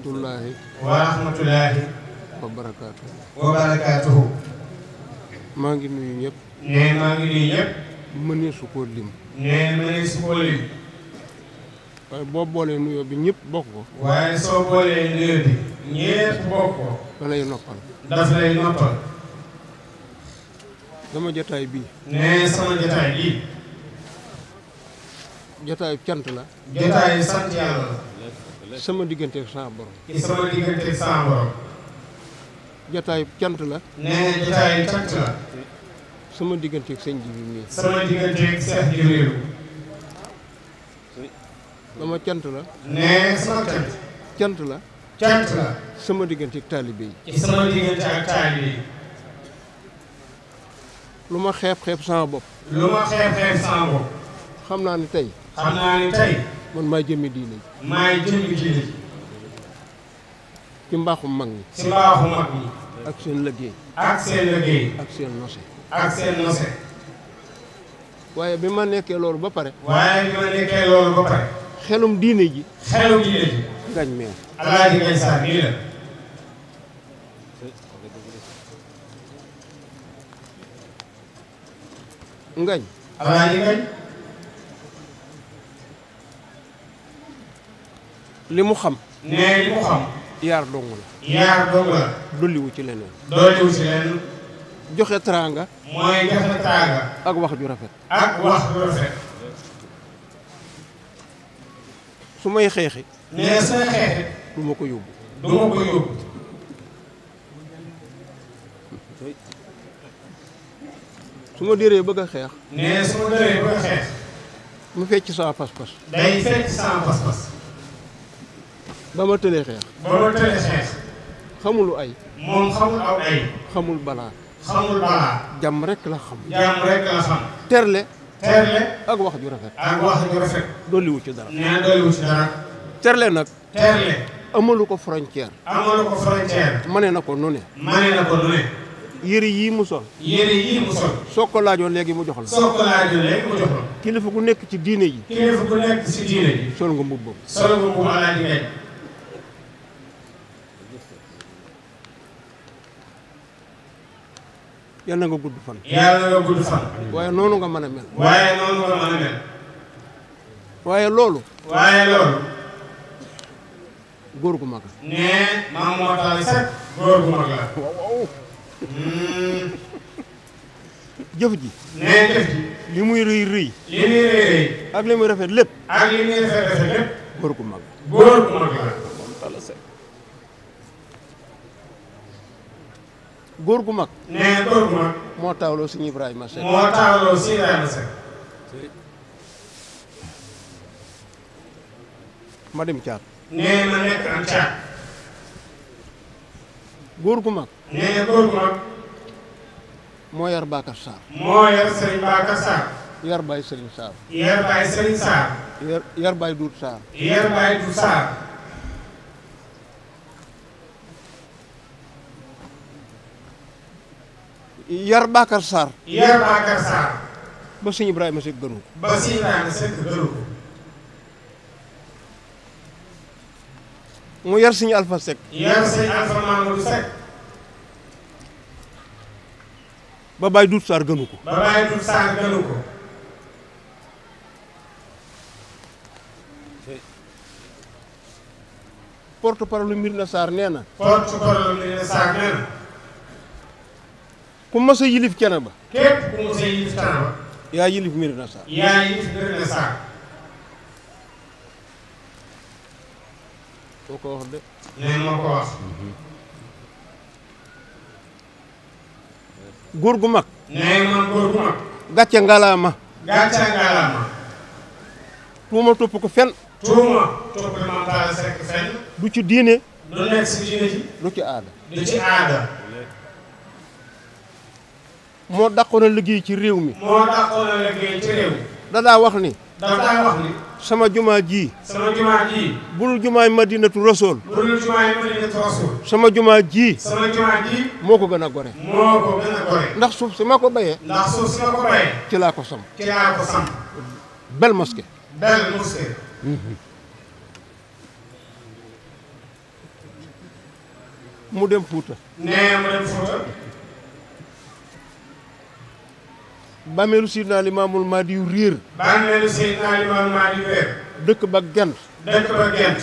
rahmatullahi wa rahmatullahi wa maa ngi nuyu ñëpp nee maa ngi nuyu ñëpp mënee su koo lim nee mënee su koo lim waaye boo boolee nuyoo bi ñëpp bokk ko waaye soo boolee nuyoo bi ñëpp bokk ko da noppal daf lay noppal sama jataay bii nee sama jataay bii jataayu cant la jataayu sant yàlla la sama digganteeg sama borom. ci sama digganteeg sama borom. jotaayu cant la. nee na jotaayu cant la. sama digganteeg sëñ ji bi mii. sama digganteeg seex ji réew. sama cant la. nee sama cant. cant la. cant la. sama digganteeg taalibe yi. ci sama diggante ak taalibe yi. lu ma xeeb xeeb sama bopp. lu ma xeeb xeeb sama bopp. xam naa ni tey. xam naa ni tey. man maay jëmmi diine ji maay jëmmi diine ji ci mbaaxum mag ñi ci mbaaxum mag ñi ak seen liggéey ak seen liggéey ak seen nose ak seen nose waaye bi ma nekkee loolu ba pare bi ma nekkee loolu ba pare xelum diine ji xelum diine ji ngañ meew alaaji ngañ saar nii la ngañ alaaji ngañ li mu xam. nee li mu xam. yaar dong la. yaar dong la. dolliwu ci leneen. dolliwu ci leneen. joxe teraanga. mooy joxe teraanga. ak wax ju rafet. ak wax ju rafet. su may xeexi. nee su may xeexi. du ma ko yóbbu. du ma ko yóbbu. su ma déree bëgg a xeex. bëgg a xeex. mu fecc saa pas-pas. day fecc saa pas-pas. ba ma tëlee ba ma tëlee xeex. ay. moom xamul aw ay. xamul balaa. xamul balaa. jàmm rek la xam. jàmm rek la xam. terle. terle ak wax ju rafet. ak wax ju rafet. dolliwu ci dara. nee dolliwu ci dara. terle nag. terle. amalu ko frontière. amalu ko frontière. mane na ko nu ne. mane na ko nu ne. yére yii mu sol. yére yii mu sol. soo ko laajoo léegi mu jox la. soo ko laajoon léegi mu jox la. kilifa ku nekk ci diine ji. kilifa ku nekk ci diine ji. sol nga mbubb. yàlla nga gudd fan. yàlla nga gudd fan. waaye noonu nga mën a mel. waaye noonu loolu. góor gu mag la. nee maam moo taal sax góor gu mag hmm. Hmm. jëf ji. nee jëf ji. li muy rëy rëy. li muy rëy ak li muy rafet lépp. góor gu mag góor gu mag la. góor gu mag. nee na góor gu mag. moo taawloo sëñ Ibrahima Seck. moo taawloo sëñ Ibrahima Seck. ma dem caat. nee na nekk am caat. góor gu mag. nee na góor gu mag. moo yar Bakar Sarr. moo yar Serigne Bakar Sarr. yar Baye Serigne Sarr. yar Baye Serigne Sarr. yar yar Baye Doud Sarr. yar Baye Doud Sarr. yar Bakar Sarr. yar Bakar Sarr. ba sëñ gënu ko. ba sëñ Ibrahima Seck gënu ko. mu yar sëñ alfa Seck. yar sëñ Alpha Mamadou Seck. ba Baye Doudou Sarr gënu ko. ba Baye Doudou Sarr gënu ko. porte parole na. porte nee na. ku mas yilif Thiénaba képp ku mas yilif Thiénaba yaa yilif Médina Sarr yaa yilif Médina Sarr moo ko wax de nee moo ko wax góor gu mag nee man góor gu mag gàcce ngalaama gàcce ngalaama tuuma topp ko fen tuuma topp maam Talla Seck fen du ci diine du nekk si diine ji du ci aada du ci aada moo dàqoon a liggéey ci réew mi. moo dàqoon a liggéey ci réew mi. da wax ni. da wax ni. sama jumaa ji. sama jumaa ji. bul jumaay madinatu rasool. bul jumaay madinatu rasool. sama jumaa ji. sama jumaa ji. moo ko gën a gore. moo ko gën a gore. ndax suuf si ma ko bayee. ndax ko sam. ci laa ko sam. Mhm. mu dem Fuuta. nee mu dem Fuuta. bàmmeelu Seydina Limaamul Mahdi yu réer. réer. dëkk ba gent. dëkk ba gent.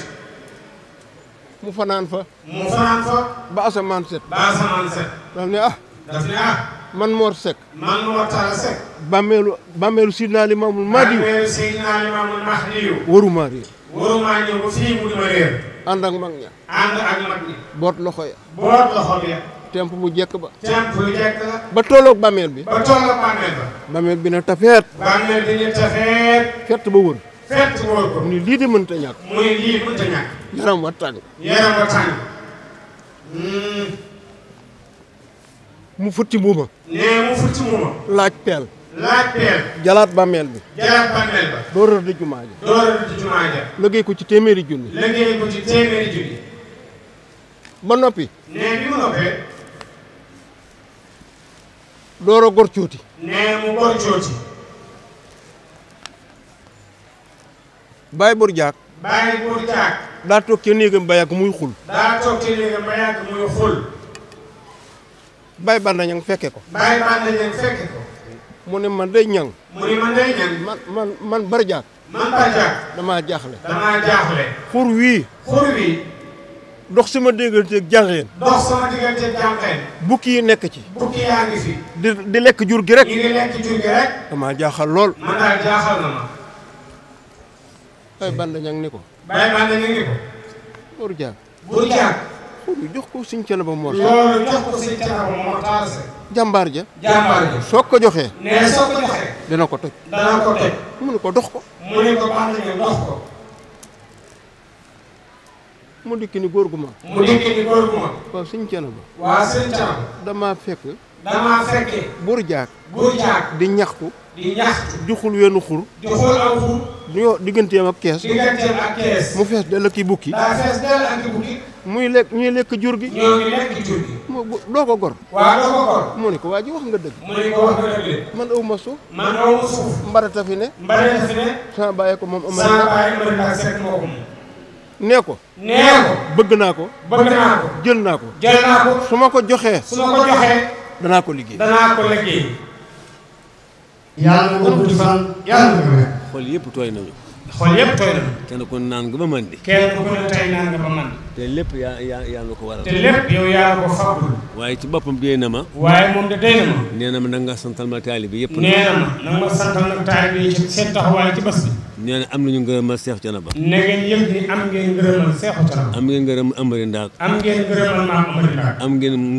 mu fanaan fa. mu fanaan fa. ba asamaan set. ba asamaan set. daf ne ah. daf ne ah. man Mor Seck. man Mor Talla Seck. bàmmeelu bàmmeelu Seydina Limaamul Mahdi yu. bàmmeelu Seydina Limaamul Mahdi yu. warumaa réer. warumaa ñëw ba réer. ànd ak mag ña. ànd ak mag ña. boot loxo ya. boot loxo ya. temp bu jekk ba. temp bu jekk la. ba tolloog bàmmeel bi. ba tolloog bàmmeel ba. bàmmeel bi na tafeet. bàmmeel bi na tafeet. fett ba wër. fett ba wër ko. mu ni lii di mënta ñàkk. mu ni lii mënta ñàkk. yaram wa tàng. yaram wa tàng. Hmm. mu futti muuma. nee mu futti muuma. laaj peel. laaj peel. jalaat bàmmeel bi. jalaat bàmmeel ba. door a di jumaa ja. door a di jumaa ja. liggéey ko ci téeméeri junni. liggéey ko ci téeméeri junni. ba noppi. nee bi mu noppee. door a gor cuuti nee mu gor cuuti baay bur jaak baay bur jaak daa toog ci néegam ba mu muy ba yàgg muy xul baay banda ñang fekke ko baay banda ñang fekke ko mu ne man day ñang mu ne man day ñang man man man damaa jaaxle damaa jaaxle xur wii xur wii dox sama dégganteeg jànqeen. dox sama dégganteeg jànqeen. bukki yi nekk ci. bukki yaa ngi fi. di lekk jur gi rek. ñu damaa jaaxal lool. man daal jaaxal na ma. bay banda ñang ni ko. bay banda ñang ni ko. buur jaag. buur jaag. loolu jox ko suñ cana ba ba moo taase. jàmbaar ja. jàmbaar soo ko joxee. nee soo ko joxee. dana ko toj. mu ne ko dox ko. mu ne ko baax na dox ko. mu dikki ni góor gu ma mu dikki ni góor gu ma waaw sëñ cana ba waaw sëñ cana damaa fekk damaa fekke buur jaak buur jaak di ñaxtu di ñaxtu di xul xur di xul xur ñoo digganteem digganteem ak kees mu fees dell ak i bukki muy lekk ñuy lekk jur gi ñoo ngi lekk jur gi mu doo ko gor waaw doo ko gor mu ne ko waa ji wax nga dëgg mu ne ko wax nga dëgg man aw suuf mbarata fi ne mbarata fi ne sama bàyyi ko moom amari sama bàyyi mbarata sekk moo ko moom nee ko. nee ko bëgg naa ko. bëgg naa ko jël naa ko. jël naa ko su ma ko joxee. su ma ko joxee. danaa ko liggéey. danaa ko liggéey. yàlla na ko gudd fan yàlla na ko wér. xol yëpp kenn ku naan ne tey naan nga ba màndi. te lépp yaa yaa yaa nga ko waral. te lépp yow yaa ko fàggul. waaye ci boppam dee na ma. waaye moom de dee na ma. nee na ma na santal ma taali bi yëpp. nee na ma na nga santal ma taali bi ci seen taxawaay ci bés bi. nee na am nañu ngërëmal seexu Canaba. na ngeen yëg ni am ngeen ngërëmal seexu Canaba. am ngeen am ngeen ngërëmal Amari Ndaak. am ngeen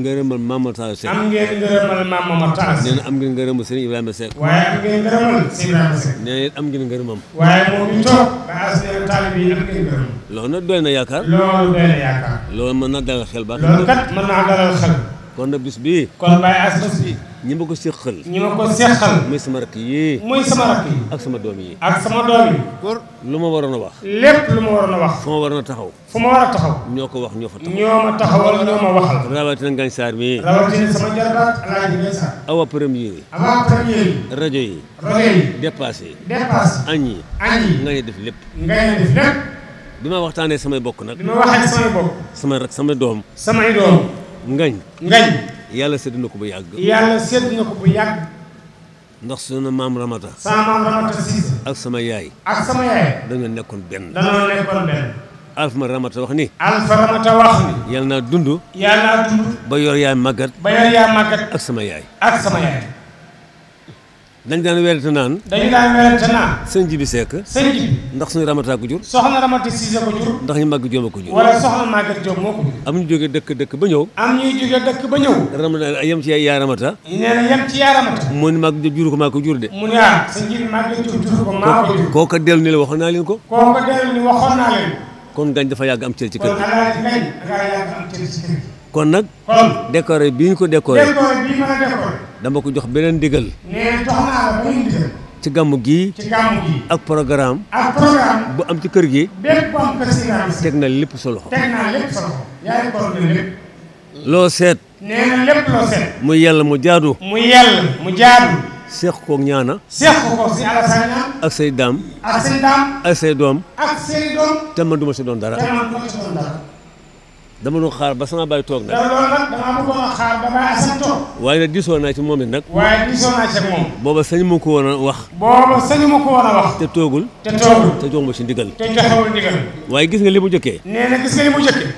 ngërëmal maam Matar Seck. am ngeen ngërëmal maam Matar Seck. am ngeen ngërëmal Serigne Ibrahima na ba am ngeen ngërëm. loolu nag doy na yaakaar. loolu doy na yaakaar. xel ba. loolu kat naa dalal xel. kon nag bis kon bàyyi as bis ñi ma ko séqal ñi ma ko séqal muy sama rakk yii muy sama rakk yi ak sama doom yi ak sama doom yi pour lu ma waroon a wax lépp lu ma waroon a wax fu ma waroon a taxaw fu ma war a taxaw ñoo ko wax ñoo fa taxaw ñoo ma taxawal ñoo ma waxal rawatina Ngagne rajo yi rajo yi dépassé yi dépassé añ yi añ yi nga ne def lépp nga ne def lépp bi ma waxtaanee samay bokk nag bi ma waxee samay bokk sama rak sama doom samay doom ngañ ngañ yàlla sedd na ko bu yàgg yàlla sedd na ko bu yàgg ndax sunu maam ramata sama maam ramata Cissé ak sama yaay ak nekkoon benn dañoo nekkoon benn alfa ramata wax ni alfa ramata wax ni yàlla naa dund ba yor yaay ba yor yaay ak sama yaay dañ daan weerante naan. dañ bi sekk. sëñ bi ndax suñu ramataa ko jur. soxna ramati siise ko jur. ndax ñu màgg jooma ko jur. am ñu jógee dëkk dëkk ba ñëw. am ñuy jógee dëkk ba ñëw. ramata yem ci yaa ramata. nee na yem ci yaa ramata. mu ne màgg jur ko maa ko jur de. mu ne ah sëñ ji bi ko maa ko jur. kooka dellu ni la waxoon ko. kooka dellu ni waxoon kon ngañ dafa yàgg am cër ci kër gi. kon nag. kon décoré bi ñu ko décoré. décoré bi ñu ko décoré. dama ko jox beneen digal. nee na jox naa la beneen digal. ci gàmmu gii. ci gàmmu gii. ak programme. bu am ci kër gi. bépp bu am kër si na lépp sa loo seet. nee yàlla mu jaadu. mu yàlla mu ñaana. ak say daam. doom. ak te man du ma si doon dara. te man du ma si doon dara. dama doon xaar ba sama baay toog nag. dama bëggoon xaar ba baay asan toog. waaye nag diisoo naa ci moom it nag. waaye diisoo naa ci moom. booba sañu ma ko woon a toogul. te toogul te jox ma ci ndigal. te joxewul ndigal. waaye gis nga li mu jëkkee. nee na gis nga li mu jëkkee.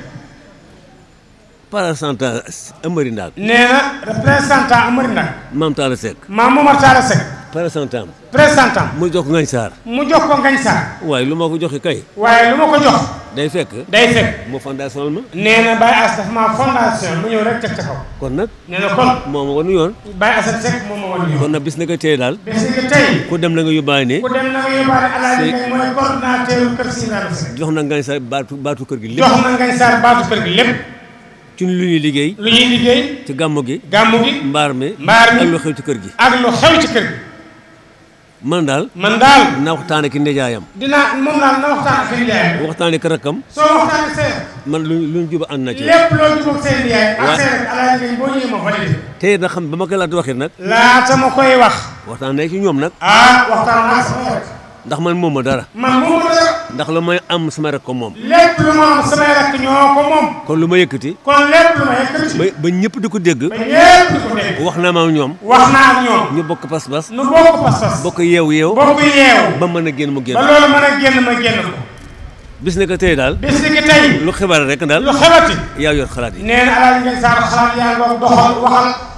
présentant Amary Ndack. nee na représentant Amary Ndack. maam Talla Seck. maam Momar Talla Seck. présentant. présentant. mu jox ko Ngañ Sarr. mu jox ko Ngañ Sarr. waaye lu ma ko joxe kay. waaye lu ma ko jox. day fekk day fekk mu fondation ma nee na Baye fondation mu ñëw rek teg ca kaw kon nag nee kon moo ma wanu yoon Baye Ass Seck moo ma wanu yoon kon nag bis na ko tey daal bis na ko tey ku dem na nga yóbbaale ku dem na nga yóbbaale alaaji mooy coordonnateur kër Sidaara Seck jox na ngañ sa baatu baatu kër gi lépp jox na ngañ sa baatu kër gi lépp ci lu ñuy liggéey lu ñuy liggéey ci gàmmu gi gàmmu gi mbaar mi mbaar mi lu xew ci kër gi ak lu xew ci kër gi man daal man daal naa waxtaane ki ndejaayam dinaa moom daal na waxtaane ki ndejaayam waxtaane ki rakkam soo waxtaane seen man lu lu ñu na ci lépp loo jubóog seen yaay ak seen rek alaaj lañ boo ñëwee ma valide tey da xam ba ma koy laata waxit nag laata koy wax waxtaan na ci ñoom nag ah waxtaan naa sama rek ndax man moom ma dara. man moom ma dara. ndax lu may am sama rek ko moom. lépp lu ma am sama rek ñoo ko moom. kon lu ma yëkkati. kon lépp lu ma yëkkati. ba ba ñëpp di ko dégg. ba wax naa ma ak ñoom. wax naa ak ñoom. ñu bokk pas-pas. ñu bokk pas-pas. bokk yeewu yeewu. ba mën génn mu génn. ba loolu mën a génn ma génn ko. bis ni ko tey daal. bis ni ko tey. lu xibaar rek daal. lu xebati. yaa yor xalaat yi. nee na ngeen saar xalaat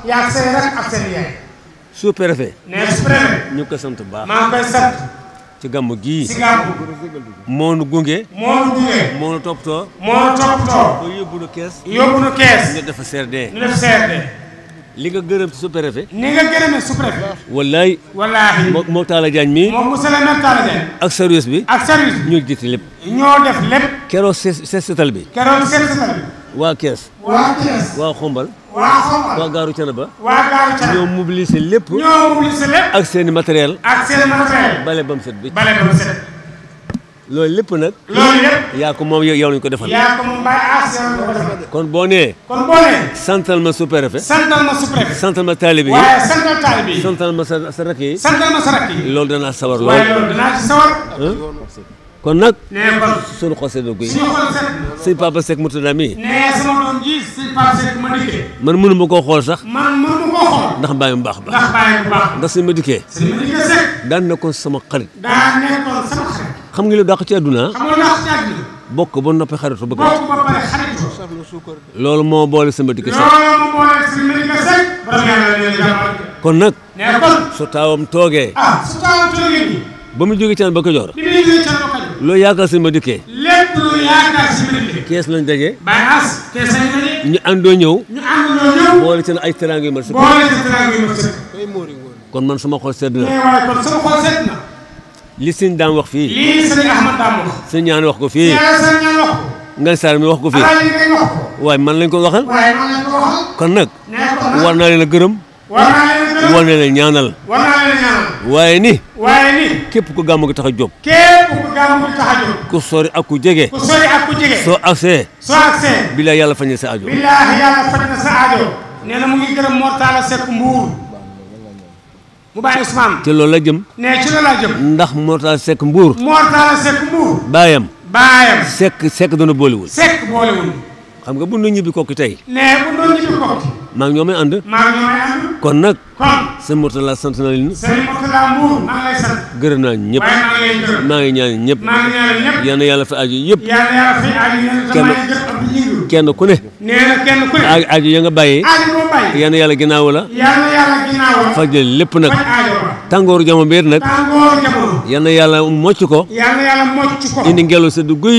yaay. sous préfet. nee na sous préfet. sant. ci gàmmu gii. ci gàmmu. moo nu gunge. moo nu gunge. moo nu toppatoo. moo nu toppatoo. ba yóbbu nu kees. nu kees. ñu def CRD. ñu def CRD. li nga gërëm ci sous-préfet ni nga gërëmee sous wallaay moo moo Talla Diagne mii moom monsieur le maire ak service bi ak service bi ñoo jiite lépp ñoo def lépp keroog seet seetal bi keroog seet seetal bi waa Kees waa Kees waa Xumbal waa Xombal waa gaaru Canaba. ñoo mobiliser lépp. ñoo mobiliser lépp. ak seen i matériel. bale ba set bi bale ba loolu lépp nag. loolu lépp. yaa ko moom yow lañ ko defal. yow lañ ko defal. kon boo nee. kon boo santal ma sous-préfet. santal ma sous santal ma taalibe santal ma sa loolu danaa sawar lool. loolu danaa sawar. kon nag. nee kon suñu xol sedd guy. suñu xol sedd. sëñ Papa Seck nee sama doom ji sëñ Papa mënu ma koo xool sax. man mënu baax a baax. ndax bàyyi mu baax ndax sëñ sama xarit. xam nga li dàq ci àdduna bokk ba noppi xaritu bëgg. bokk ba loolu moo boole sëñ ma nag. su taawam toogee. Ah, toogee ba mu jógee Thiénaba Kajoor. bi muy jógee yaakaar si ma dikkee. lépp lu kees lañ daje. ñu àndoo ñëw. ñu àndoo ñëw. ay teraanga yu mat kon man sama xol sedd na. li sëñ daan wax fii. lii sëñ Ahmad daan wax. ko fii. sëñ ñaan wax ko. Ngagne mi wax ko fii. waaye man lañ ko waxal. kon nag. war naa leen a gërëm. wane la ñaanal. wane la ñaanal. waaye ni. waaye ni. képp ku gàmm gi tax a jóg. képp ku gàmm gi tax a jóg. ku sori ak ku jege. ku ak ku soo agsee. soo agsee. yàlla faj na sa aajo. bilaa yàlla faj na sa aajo. nee mu ngi gërëm Mortala Seck Mbuur. mu bàyyi Ousmane. loolu la jëm. ndax Mortala Seck Mbuur. Mortala Seck Mbuur. baayam. baayam. Seck Seck boolewul. Seck boolewul. xam nga bu ñu ñibbi kokki tey. nee maa ngi ñoo may kon nag. kon sëñ Mourtala sant na leen. sëñ Mourtala maa ngi lay sant. naa ñëpp. maa ngi lay gërëm. maa ngi yàlla fi aju yëpp. kenn kenn ku ne. nee aju ya nga bàyyee. aju boo bàyyee. yal na yàlla ginnaaw la. yal na lépp nag. tàngooru jamono bi nag. tàngooru jamono. yal na yàlla mocc ko. yal na yàlla mocc ko. indi ngelaw sedd guy.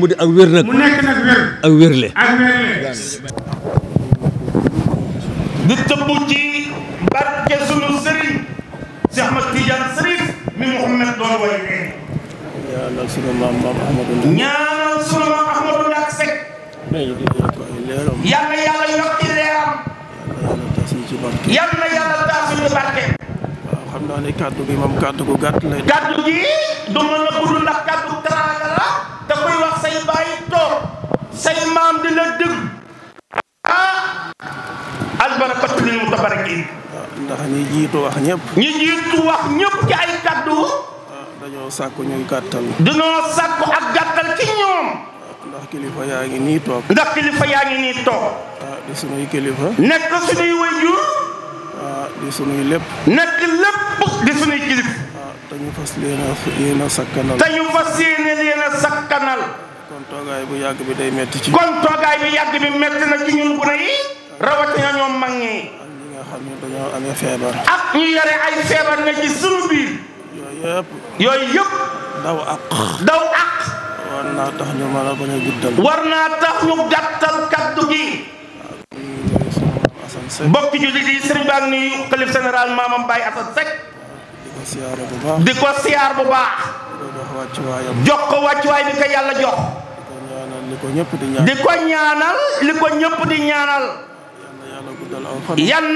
mu di ak wér nag. mu nekk nag wér. ak wérle. ak yàlla yàlla taas ñu ci xam naa ne kàddu gi moom kàddu gu gàtt lay. kàddu gi du mën gudd ndax kàddu teraanga da koy wax say bàyyi toog say maam di la dégg ah. albarakatu lil mutabarakin. ndax ñi jiitu wax ñëpp. ci ay kàddu. dañoo sàkku ñuy gàttal. dañoo sàkku ak gàttal ci ñoom. ndax kilifa yaa ngi nii toog. ndax kilifa yaa ngi nii toog. Ah, di sunuy kilifa. nekk sunuy wajur. Ah, di sunuy lépp. nekk ñëpp di suñuy kilif. fas yéene a sakkanal. te ñu fas yéene leen sakkanal. kon toogaay bu yàgg bi day metti ci. kon toogaay bi yàgg bi metti na ci ñun gune yi. rawatina ñoom mag ñi. ak xam ne dañoo amee ñu yore ay feebar ne ci sunu biir. yooyu daw ak. daw ak. war naa tax ñu mën a bañ a guddal. war naa tax ñu gàttal kaddu gi. bokk jullit yi sëriñ baa ngi nuyu xalif général maamam Baye Assane Seck siyaare bu baax di ko siyaar bu baax. jox ko wàccuwaay bi ko yàlla jox. di ko ñaanal li ko ñëpp di ñaanal.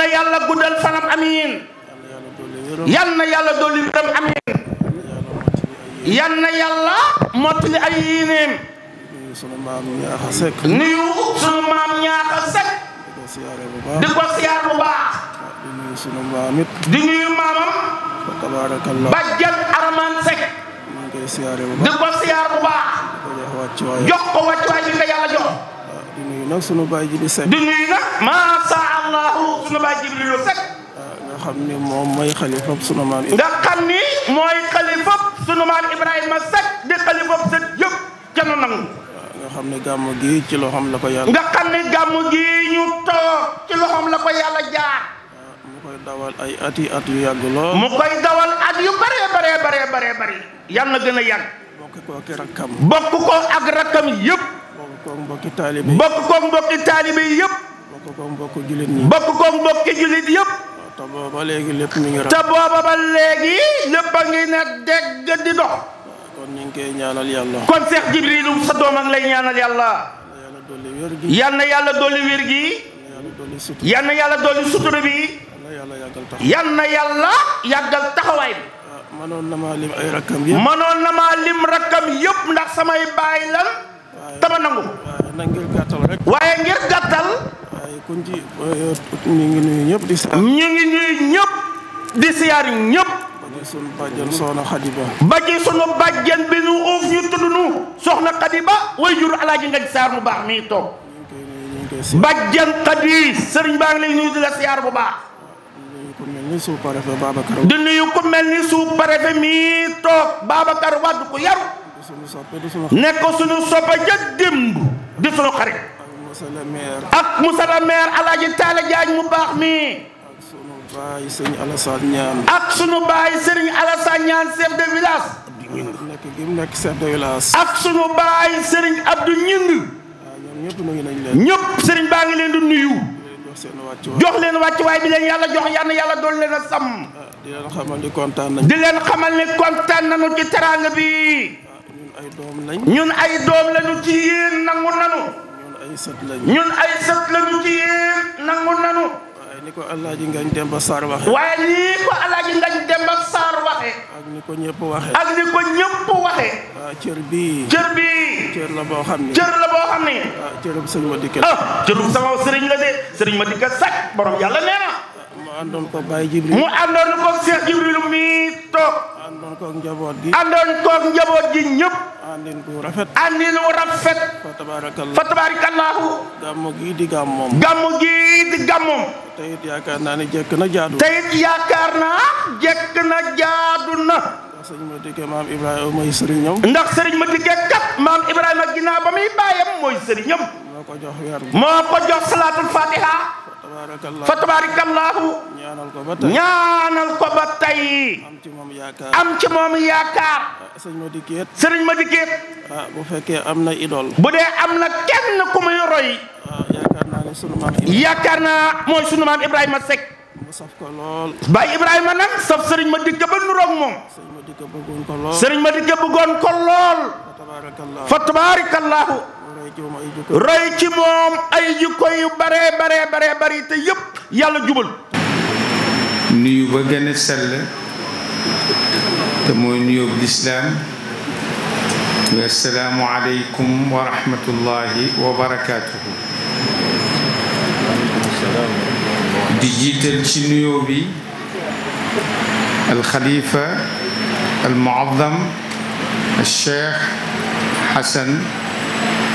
na yàlla guddal fanam amiin. na yàlla dolli wéram amiin. yàlla mottali ay yéeneem. nuyu sunu maam ñaaxa sekk. nuyu sunu maam ñaaxa sekk. di ko siyaar bu baax. di nuyu sunu maam it. di nuyu maamam. fa tabaarakallah Badiane Armane Seck. maa ngi koy siyaare bu baax di ko siyaar bu baax. jox ko wàccuwaay bi nga yàlla jox. di nuyu nag sunu baay ji di Seck. di nuyu nag macha allah sunu baay ji di lu Seck. nga xam ni moom mooy xalifab sunu maam Ibrahima. nga xam ni mooy xalifab sunu maam Ibrahima Seck di xalifab Seck yëpp kenn nangu. nga xam ne gàmmu gi ci loxoom la ko yàlla. nga xam ne gàmmu gi ñu toog ci loxoom la ko yàlla jaar. koy dawal ay at yi at yu yàgg lool. mu koy dawal at yu bëree bëree bëree bëree bëri. yal na gën a yàgg. bokk ko ak rakkam. bokk ko ak rakkam yëpp. bokk ko ak mbokki taalibe yi. bokk ko ak mbokki taalibe yi yëpp. bokk ko ak mbokki jullit yi. bokk ko ak mbokki jullit te booba ba léegi lépp a ngi ne dégg di dox. kon ñu ngi um sa doom ak lay ñaanal yàlla. yàlla dolli wér gi. yàlla dolli sutura bi. yal na yàlla yàggal taxawaay bi. Ah, mënoon na maa lim ay rakkam yëpp. mënoon na maa lim rakkam yëpp ndax samay baay lan. tama nangu. waaye ngir gàttal rek. Eh, ngi nuyu ñëpp di. siyaar ñëpp. ba ci sunu bi nu uuf ñu tudd nu soxna Xadiba way jur alaaji ngañ saar mu baax mi toog. bàjjen Xadi sëriñ baa lay nuyu di la siyaar bu baax. di nuyu ku mel ni sous préfet mii toog Babacar Wade ku yaru nekk suñu soppa ja démb di suñu xarit ak monsieur le maire Alaaji Taala Jaañ mu baax mi baay sëriñ Alassane Niane. ak sunu baay sëriñ Alassane Niane chef de village. nekk gi mu nekk chef de village. ak sunu baay sëriñ Abdou Ñing. ñëpp sëriñ baa ngi leen di nuyu. jox leen wàccuwaay bi leen yàlla jox yàlla yàlla doon leen a sàmm. di leen xamal ni kontaan nañu. di leen bi. ñun ay doom lañ. ñun ay doom lañu ci yéen nangu nañu. ñun ay sët lañu. ñun ay sët lañu nangu nañu. ni ko Alaaji Ngañ Demba Sarr waxe waaye nii ko Alaaji Ngañ Demba Sarr waxe ak ni ko ñëpp waxe ak ni ko ñëpp waxe waaw ah, cër bii cër bii la boo xam ne cër la boo xam ne waaw ah, cërub sëñ ma ah, sama sëriñ la de sëriñ ma dikka sax borom yàlla nee na mu àndoon ko Baye Jibril mu àndoon ko Cheikh Jibril mi toog àndoon koog njaboot gi àndoon àndin wu rafet. àndin wu rafet. fa tabaarakallah fa tabaarakallahu. gàmmu gii di gàmmoom. gàmmu gii di gàmmoom. te it yaakaar naa ne jekk na jaadu. te it yaakaar naa jekk na jaadu na. ndax sëriñ ma dikkee maam Ibrahima mooy sëriñam. ndax sëriñ ma dikkee kat maam Ibrahima ginnaaw ba muy bàyyam mooy sëriñam. moo ko jox weer moo ko jox salaatul fatiha. fa tabaarakallaahu ñaanal ko ba tey am ci moom yaakaar ah, sëriñ ma ma dikkeet bu fekkee am na idol bu dee am na kenn ku muy roy ah, yaakaar naa mooy sunu maam Ibrahima Seck saf ko lool Baye saf sëriñ ma digg ba nuroog moom sëriñ ma digg bëggoon ko lool sëriñ ma digg roy ci moom ay jikko yu bare bare bare bari te yépp yàlla jubal nuyu ba gën a sell te mooy nuyób lislaam wa salaamu aleykum wa rahmatullahi wa barakaatuhu di jiital ci nuyoo bi alxalifa almuazzam alcheikh xasan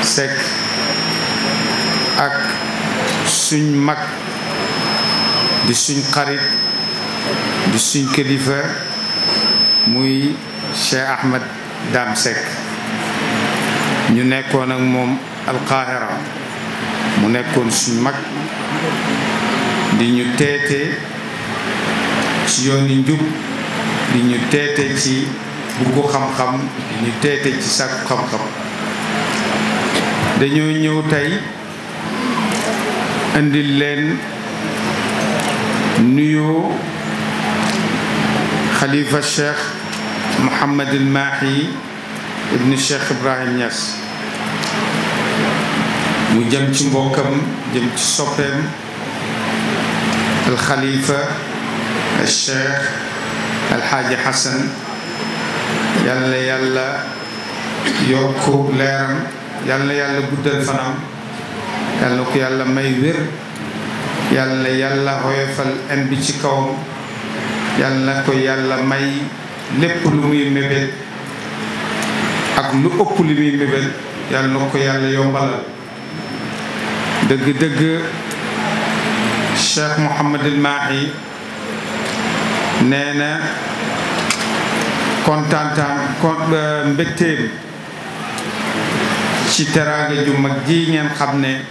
Seck ak suñ mag di suñ xarit di suñ kilifa muy Cheikh Ahmed Dame Seck ñu nekkoon ak moom alqaahira mu nekkoon suñ mag di ñu teete ci yooni njub di ñu teete ci buggu xam-xam di ñu teete ci sàkku xam-xam dañoo ñëw tey indil leen nuyoo xalifa cheikh Mouhamadul Mahi ibnu cheikh Ibrahim Niass mu jëm ci mbokkam jëm ci soppeem alxaaji Xasan yàlla yàlla yokku leeram yàlla na yàlla guddal fanam yàlla na ko yàlla may wér yàlla na yàlla xoyofal en bi ci kawam yàlla na ko yàlla may lépp lu muy mébét ak lu ëpp li muy mébét yàlla na ko yàlla yombalal dëgg-dëgg Cheikh Mouhamadul Mahi nee na kontaantaan kon euh, mbégteem ci teraanga ju mag ji ngeen xam ne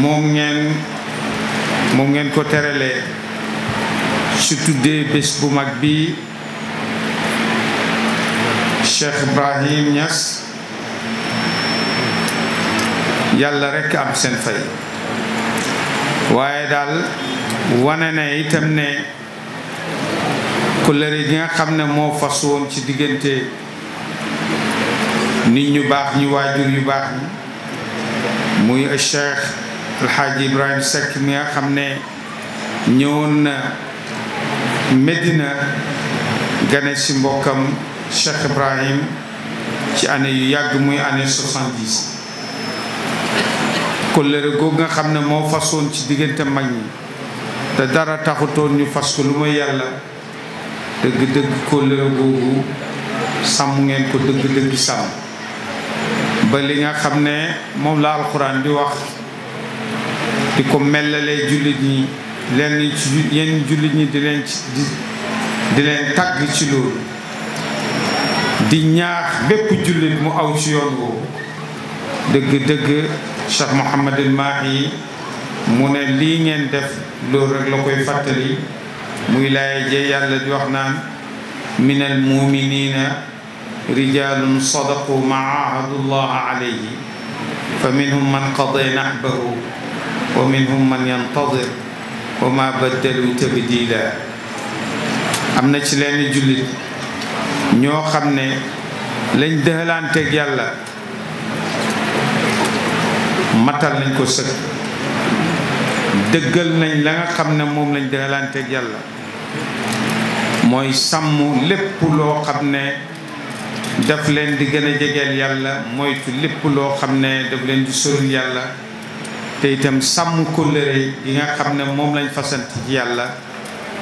moom ngeen moom ngeen ko teralee su tuddee bés bu mag bi Cheikh Ibrahim Niass yàlla rekk am seen fay waaye daal wane na itam ne kóllëre nga xam ne moo fas woon ci diggante nit ñu baax ñu waajur yu baax yi muy cheikh alxaaji ibrahim Seck mi nga xam ne ñëwoon na Medina gane si mbokkam cheikh ibrahim ci année yu yàgg muy année soixante-dix kóllëre googu nga xam ne moo fasoon ci diggante mag ñi te dara taxutoon ñu fas ko lu may yàlla dëgg-dëgg kóllëre googu sàmm ngeen ko dëgg-dëgg sàmm ba li nga xam ne moom la alxuraan di wax di ko mellalee jullit ñi leen ci yenn jullit ñi di leen di leen tàgg ci loolu di ñaax bépp jullit mu aw ci yoon woowu dëgg-dëgg Cheikh Mouhamadul Mahi mu ne lii ngeen def loolu rek la koy fàttali muy laay jee yàlla di wax naan minal muminina rijaalun sadaqu ma aahadu llaha alayhi fa minhum man qadaa nahbahu wa minhum man yantadir wa ma baddalu tabdila am na ci leen jullit ñoo xam ne lañ dëxalanteeg yàlla matal nañ ko sëkk dëggal nañ la nga xam ne moom lañ dëxalanteeg yàlla mooy sàmm lépp loo xam ne daf leen di gën a jegeel yàlla moytu lépp loo xam ne daf leen di sorul yàlla te itam sàmm kóllëre yi nga xam ne moom lañ fasante ci yàlla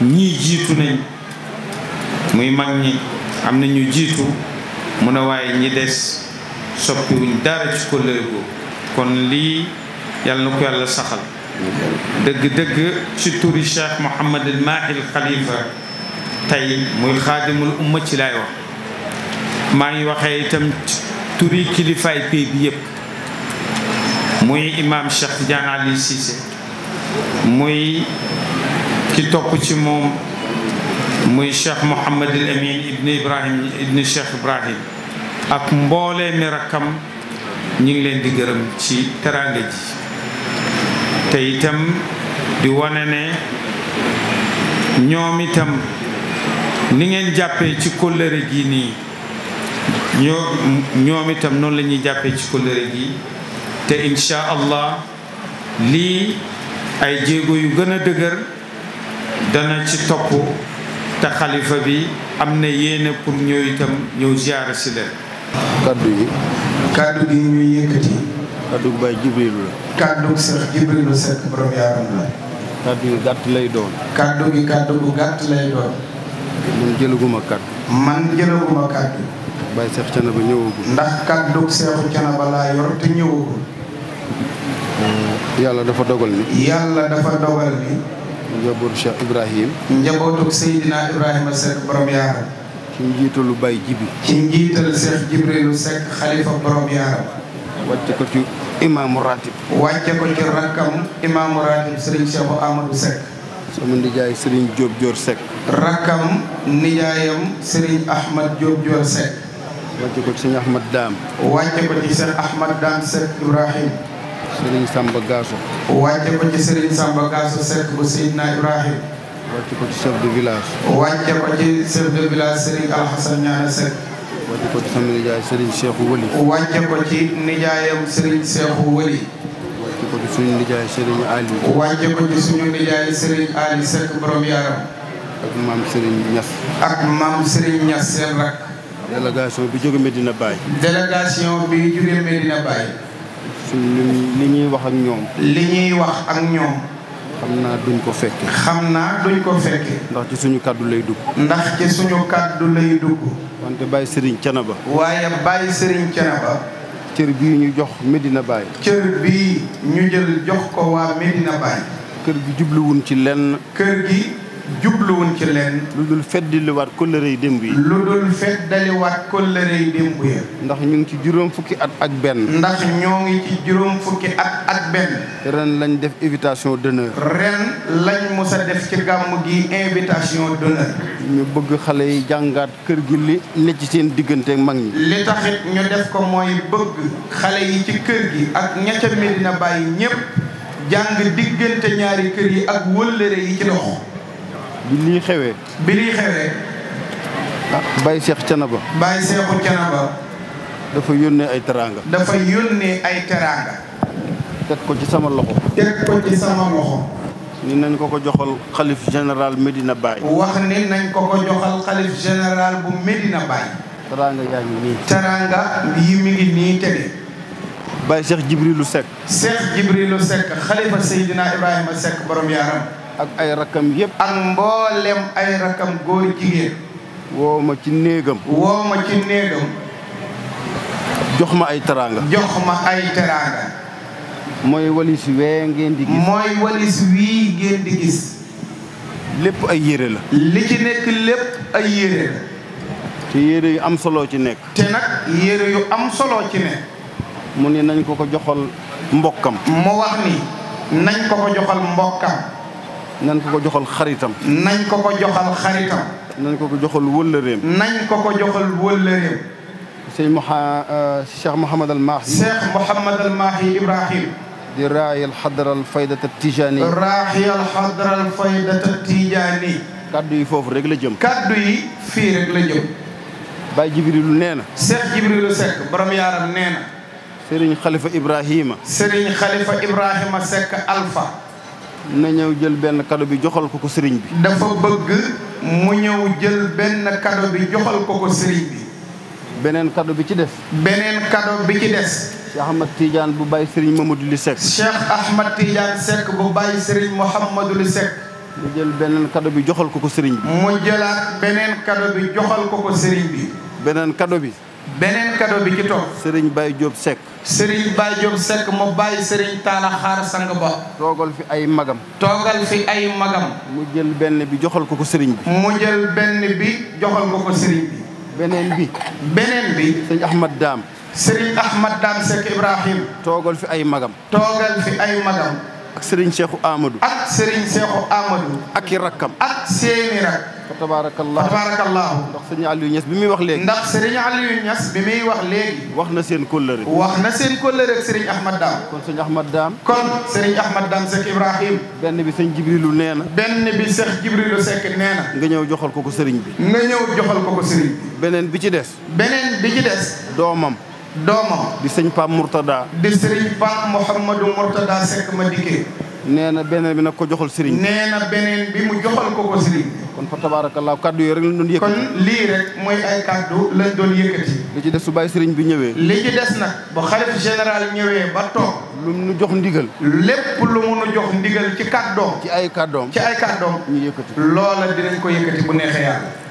ñii jiitu nañ muy mag ñi am na ñu jiitu mu ne waaye ñi des soppiwuñ dara ci kóllëre gu kon lii yàlla na ko yàlla saxal dëgg-dëgg ci turi Cheikh Mouhamadul Mahi Khalifa tey muy xaadimul umma ci laay wax maa ngi waxee itam turi kilifaay pays bi yëpp muy imam Cheikh Tidiane Ali Cissé muy ki topp ci moom muy Cheikh Mouhamad El Amin ibn Ibrahim ibn Cheikh Ibrahim ak mboole mi rakkam ñu ngi leen di gërëm ci teraanga ji tey itam di wane ne ñoom itam ni ngeen jàppee ci kóllëre gi nii ñoom itam noonu la ñuy jàppee ci kóllëre gi te incha allah lii ay jéego yu gën a dëgër dana ci topp te xalifa bi am na yéene pour ñoo itam ñëw ziyaara si leen. kaddu yi. kaddu gi ñuy yëkkati. kaddu gi Baye Jibrilu la. kaddu gi Seex Jibrilu Sekk borom yaaram la. kaddu gi gàtt lay doon. kaddu gi kaddu gu gàtt lay doon. man jëlaguma kaddu. Baye Cheikh Thiénaba ñëwagul. ndax kàddu Cheikh Thiénaba laa yor te ñëwagul. yàlla dafa dogal ni. yàlla dafa dogal ni. njabootu Seydina Ibrahima Seck borom yaara. ci njiitalu Baye Jibi. ci njiital Cheikh Jibrilu Seck xalifa borom yaara. wàcce ko ci imaamu ratib. wàcce ko ci rakkam imaamu ratib Serigne Cheikh Amadou Seck. sama nijaay Serigne Diop Dior Seck. rakkam nijaayam Serigne Ahmad Diop Dior Seck. wàcce ko ci sëñ Ahmad Daam. wàcce ko ci sëñ Ahmad Daam Seck Ibrahim. Serigne Samba Gasso. wàcce ko ci Serigne Samba Gasso Seck bu Seydina Ibrahim. wàcce ko ci chef de village. wàcce ko ci chef de village Serigne Alxasan Ñaane Seck. wàcce ko ci sama nijaay Serigne Cheikhou Wali. wàcce ko ci nijaayam Serigne Cheikhou Wali. wàcce ko ci suñu nijaay Serigne Ali. wàcce ko ci suñu nijaay Serigne Ali Seck borom yaaram. ak maam Serigne Niass. ak maam Serigne Niass seen rakk. délégation bi jóge Medina Baye. délégation bi li ñuy wax ak ñoom. li ñuy wax ak ñoom. xam naa duñ ko fekke xam naa duñ ko fekke ndax ci suñu kàddu lay dugg. ndax ci suñu kàddu lay dugg. wante Baye sëriñ Thiénaba. waaye Baye Serigne Thiénaba. cër bii ñu jox Medina Baye. cër bii ñu jël jox ko waa Medina Baye. kër gi jubluwun ci lenn. kër gi. jubluwuñ ci leen lu dul feddaliwaat kóllëre yi démb yi lu dul feddaliwaat kóllëre yi démb yi ndax ñu ngi ci juróom fukki at ak benn ndax ñoo ngi ci juróom fukki at ak benn ren lañ def invitation d'honneur ren lañ mos a def ci gàmm gi invitation d'honneur ñu bëgg xale yi jàngaat kër gi li ne ci seen diggante mag ñi li taxit ñu def ko mooy bëgg xale yi ci kër gi ak ña ca Medina Baye ñëpp jàng diggante ñaari kër yi ak wëllëre yi ci dox bi lii xewee. bi lii xewee. ah Baye Cheikh Thiénaba. Baye Cheikh Thiénaba. dafa yónnee ay teraanga. dafa yónnee ay teraanga. teg ko ci sama loxo. teg ko ci sama loxo. ni nañ ko ko joxal xalif général ko ko joxal xalif général bu Medina Baye. teraanga yaa ngi nii. teraanga yi mi ngi nii tege. Baye Cheikh Jibrilu Seck. Cheikh Jibrilu Seck xalifa Seydina Ibrahima Seck borom yaaram. ak ay rakkam yépp ak mboolem ay rakkam góor jigéen. woo ci néegam. woo ci jox ma ay teraanga. jox ma ay teraanga. mooy walis wee ngeen di gis. lépp ay yére la. li ci nekk lépp ay yére te yére yu am solo ci nekk. te nag yére yu am solo ci nekk. mu ne nañ ko ko joxal mbokkam. mu wax ni nañ ko ko joxal mbokkam. nañ ko ko joxal xaritam. nañ ko ko joxal xaritam. nañ ko ko joxal wëllëreem. nañ ko ko joxal wëllëreem. sëñ Mouha Cheikh Mouhamad al Mahi. Cheikh Mouhamad al Mahi Ibrahim. di raayal xadaral faydata tijaani. raayal xadaral faydata tijaani. kaddu yi foofu rek la jëm. kaddu yi fii rek la jëm. Baye Jibrilu nee na. Cheikh Jibrilu Seck borom yaaram nee na. Serigne Khalifa Ibrahima. Serigne Khalifa Ibrahima Seck Alpha. na ñëw jël benn kado bi joxal ko ko sëriñ bi. dafa bëgg mu ñëw jël benn kado bi joxal ko ko sëriñ bi. beneen kado bi ci des. beneen kado bi ci des. Cheikh Ahmad Tidiane bu bàyyi sëriñ Mamadou li Seck. Cheikh Ahmad Tidiane Seck bu bàyyi sëriñ Mouhamadou li Seck. mu jël beneen kado bi joxal ko ko sëriñ bi. mu beneen kado bi joxal ko ko sëriñ bi. beneen kado bi. beneen cadeau bi ci toog. Serigne Baye Diop Seck. Serigne Baye Diop Seck moo bàyyi Serigne Talla xaar sang ba. toogal fi ay magam. toogal fi ay magam. mu jël benn bi joxal ko ko sëriñ bi. mu benn bi joxal ko ko Serigne bi. beneen bi. beneen bi. sëñ Ahmad Daam. Serigne Ahmad Daam Seck Ibrahim. toogal fi ay magam. toogal fi ay magam. ak Serigne Cheikhou ak Serigne Cheikhou Amadou. ak i rakkam. ak seeni rak. fa tabaarakallah fa tabaarakallah. ndax Serigne Aliou bi muy wax léegi. ndax Serigne Aliou Niass bi muy wax léegi. wax na seen kóllëre. wax na seen kóllëre ak Serigne Ahmad Dame. kon Serigne Ahmad Dame. kon Serigne Ahmad Dame Seck Ibrahim. benn bi sëñ Jibrilu nee na. benn bi Seex Jibrilu Seck nee nga ñëw joxal ko ko Serigne bi. nga ñëw joxal ko ko Serigne bi. beneen bi ci des. beneen bi ci des. doomam. doomam di sëñ Pape Mourtada di sëriñ Pape Mouhamadou Mourtada Seck ma dikkee nee na beneen bi nag ko joxal sëriñ nee na beneen bi mu joxal ko ko sëriñ kon fa tabaarakallaa kaddu yooyu rek lañ doon yëkkati kon lii rek mooy ay kaddu lañ doon yëkkati ci des su bàyyi sëriñ bi ñëwee li ci des nag ba xalif général ñëwee ba toog lu mu nu jox ndigal lépp lu mu nu jox ndigal ci kaddoom ci ay kaddoom ci ay kaddoom ñu yëkkati loola dinañ ko yëkkati bu neexee